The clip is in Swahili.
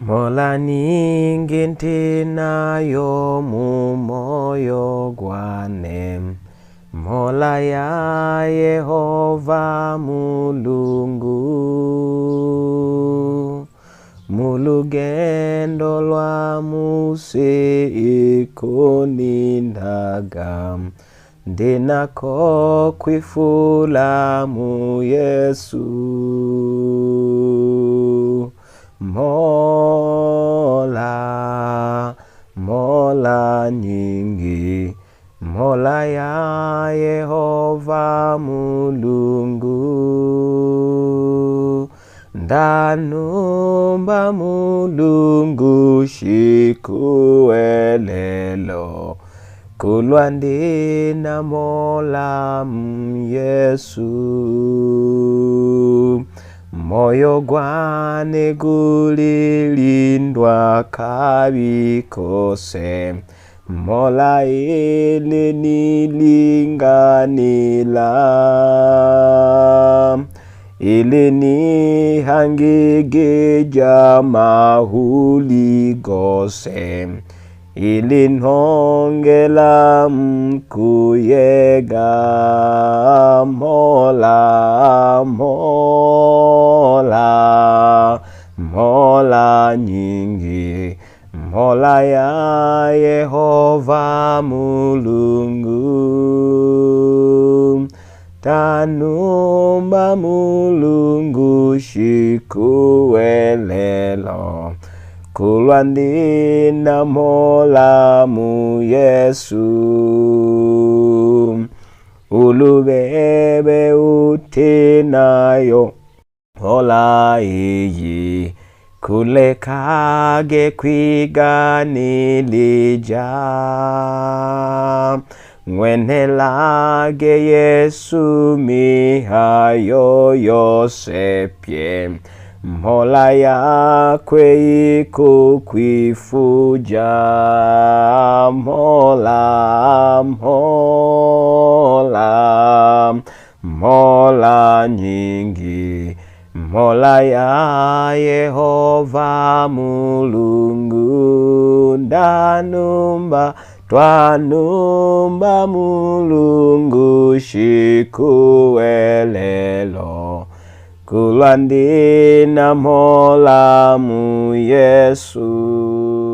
Mola ningi ntinayo mumoyo gwane Mola ya Yehova mulungu mulugendo lwa muse ikonindaga ndinako kwifula mu yesu Mola nyingi Mola ya Yehova Mulungu ndanumba Mulungu shikuelelo kulwa ndina na Mola myesu moyo gwane gulilindwa kabikose Mola elenilinganila elenihangegeja mahuli gose ilinhongela mkuyega mola mola mola nyi Mola ya Yehova Mulungu tanumba Mulungu shikuwelelo kulwandina ndina mu Yesu ulubebe utinayo hola iyi kulekage kwiga nilija ng'wenelage yesu mihayo yose pye mhola yakwe kwifuja mhola mhola mhola nyingi Mola ya Yehova Mulungu ndanumba twanumba Mulungu shikuwelelo kulwa ndina Mola mu Yesu